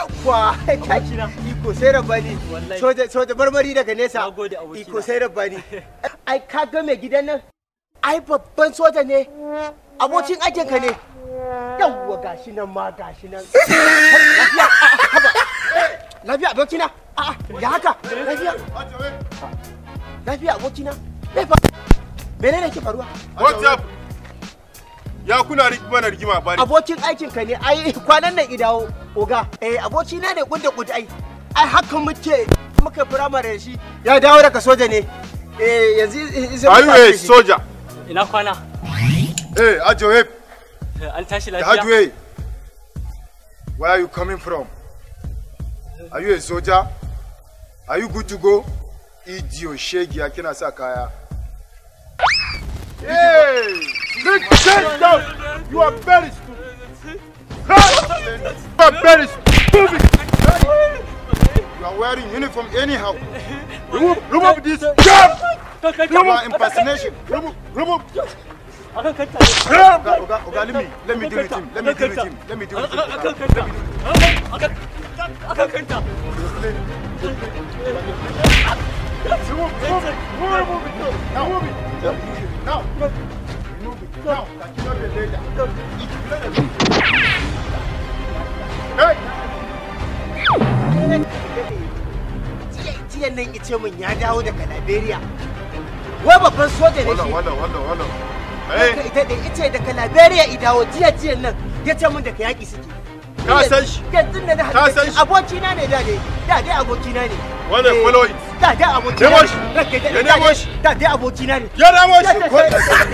Yawwa! Iko sai rabani. Soja marmari daga nesa. Iko sai rabani. Ai ka ga mai gidan nan? Ai babban soja ne. Abocin ka ne. Yawwa gashi nan ma gashi nan. Lafiya abokina. A'a ya haka. Lafiya. Lafiya abokina. Menene ke faruwa? What's up? ya kuna na rigima bari abokin aikin ka ne ai kwanan nan idawo oga eh aboci na ne gunda kudi ai ai haka muke muka firamare shi ya dawo daga soja ne eh yanzu izin eh soja ina kwana eh ajo eh an tashi lafiya ajo where are you coming from are you a soldier are you good to go idiyo shegiya kina sa kaya Sit down! You are very stupid! You are very stupid! You are wearing uniform anyhow. Remove, remove this job! Remove impersonation. Remove, remove. Oga, Oga, Oga, let me, let me deal with him. Let me deal with him. Let me deal with him. Let me deal أكاك أنت Remove, remove, remove, remove, remove, jiyan nan ya dawo daga liberia wai babban soja ne shi eh? ita daga liberia idawo jiyan nan ya ce daga yaƙi suke ka san shi yanzu da aboki na ne da dai da dai aboki na ne wannan eh, follow it aboki na ne ya nemo shi ya aboki na ne ya nemo shi